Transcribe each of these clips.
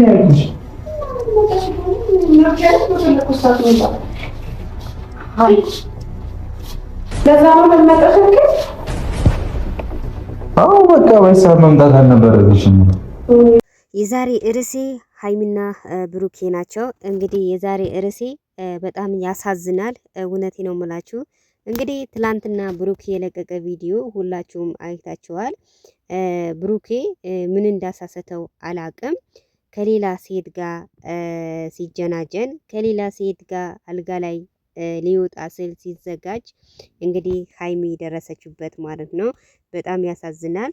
ነው ያልኩሽ። ለዛ ነው መመጣት። የዛሬ ርዕሴ ሀይሚና ብሩኬ ናቸው። እንግዲህ የዛሬ ርዕሴ በጣም ያሳዝናል። እውነቴ ነው የምላችሁ። እንግዲህ ትላንትና ብሩኬ የለቀቀ ቪዲዮ ሁላችሁም አይታችኋል። ብሩኬ ምን እንዳሳሰተው አላቅም። ከሌላ ሴት ጋር ሲጀናጀን ከሌላ ሴት ጋር አልጋ ላይ ሊወጣ ስል ሲዘጋጅ እንግዲህ ሀይሚ ደረሰችበት ማለት ነው። በጣም ያሳዝናል።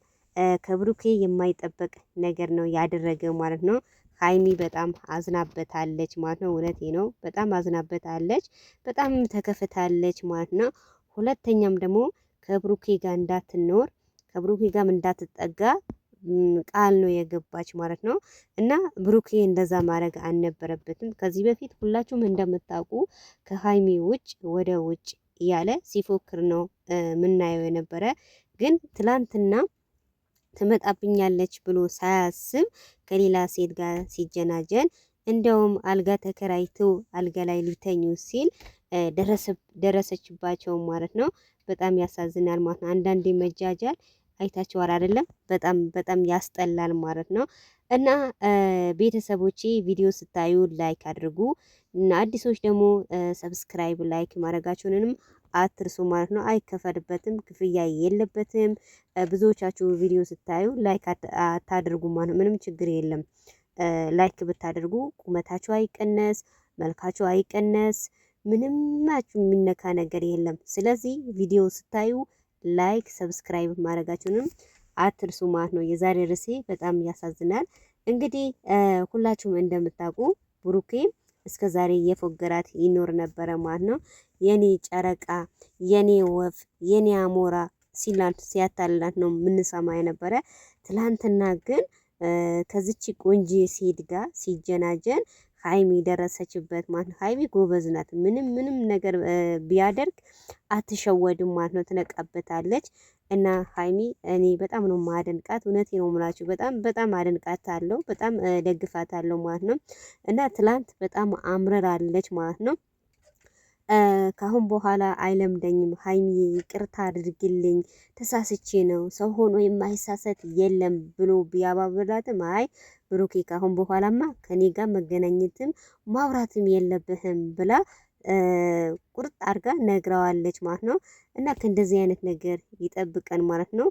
ከብሩኬ የማይጠበቅ ነገር ነው ያደረገ ማለት ነው። ሀይሚ በጣም አዝናበታለች ማለት ነው። እውነቴ ነው። በጣም አዝናበታለች፣ በጣም ተከፍታለች ማለት ነው። ሁለተኛም ደግሞ ከብሩኬ ጋር እንዳትኖር ከብሩኬ ጋርም እንዳትጠጋ ቃል ነው የገባች ማለት ነው። እና ብሩኬ እንደዛ ማድረግ አልነበረበትም። ከዚህ በፊት ሁላችሁም እንደምታውቁ ከሀይሚ ውጭ ወደ ውጭ እያለ ሲፎክር ነው የምናየው የነበረ። ግን ትላንትና ትመጣብኛለች ብሎ ሳያስብ ከሌላ ሴት ጋር ሲጀናጀን እንደውም አልጋ ተከራይቶ አልጋ ላይ ሊተኙ ሲል ደረሰችባቸው ማለት ነው። በጣም ያሳዝናል ማለት ነው። አንዳንዴ መጃጃል አይታችኋል አይደለም? በጣም በጣም ያስጠላል ማለት ነው። እና ቤተሰቦቼ ቪዲዮ ስታዩ ላይክ አድርጉ እና አዲሶች ደግሞ ሰብስክራይብ፣ ላይክ ማድረጋችሁንም አትርሱ ማለት ነው። አይከፈልበትም፣ ክፍያ የለበትም። ብዙዎቻችሁ ቪዲዮ ስታዩ ላይክ አታድርጉ ማለት ምንም ችግር የለም። ላይክ ብታደርጉ ቁመታችሁ አይቀነስ፣ መልካችሁ አይቀነስ፣ ምንም የሚነካ ነገር የለም። ስለዚህ ቪዲዮ ስታዩ ላይክ፣ ሰብስክራይብ ማድረጋችሁንም አትርሱ ማለት ነው። የዛሬ ርዕሴ በጣም ያሳዝናል። እንግዲህ ሁላችሁም እንደምታውቁ ብሩኬ እስከ ዛሬ የፎገራት ይኖር ነበረ ማለት ነው። የኔ ጨረቃ፣ የኔ ወፍ፣ የኔ አሞራ ሲላንት ሲያታልላት ነው የምንሰማ የነበረ። ትላንትና ግን ከዚች ቆንጂ ሴት ጋር ሲጀናጀን ሀይሚ ደረሰችበት ማለት ነው። ሀይሚ ጎበዝ ናት። ምንም ምንም ነገር ቢያደርግ አትሸወድም ማለት ነው። ትነቃበታለች እና ሀይሚ እኔ በጣም ነው ማደንቃት። እውነቴ ነው ምላችሁ፣ በጣም በጣም አደንቃት አለው በጣም ደግፋት አለው ማለት ነው። እና ትላንት በጣም አምረራለች ማለት ነው። ካሁን በኋላ አይለምደኝም። ሀይሚዬ ይቅርታ አድርግልኝ፣ ተሳስቼ ነው። ሰው ሆኖ የማይሳሰት የለም ብሎ ቢያባብላትም አይ ብሩኬ ካሁን በኋላማ ከኔ ጋር መገናኘትም ማውራትም የለብህም ብላ ቁርጥ አድርጋ ነግረዋለች ማለት ነው። እና ከእንደዚህ አይነት ነገር ይጠብቀን ማለት ነው።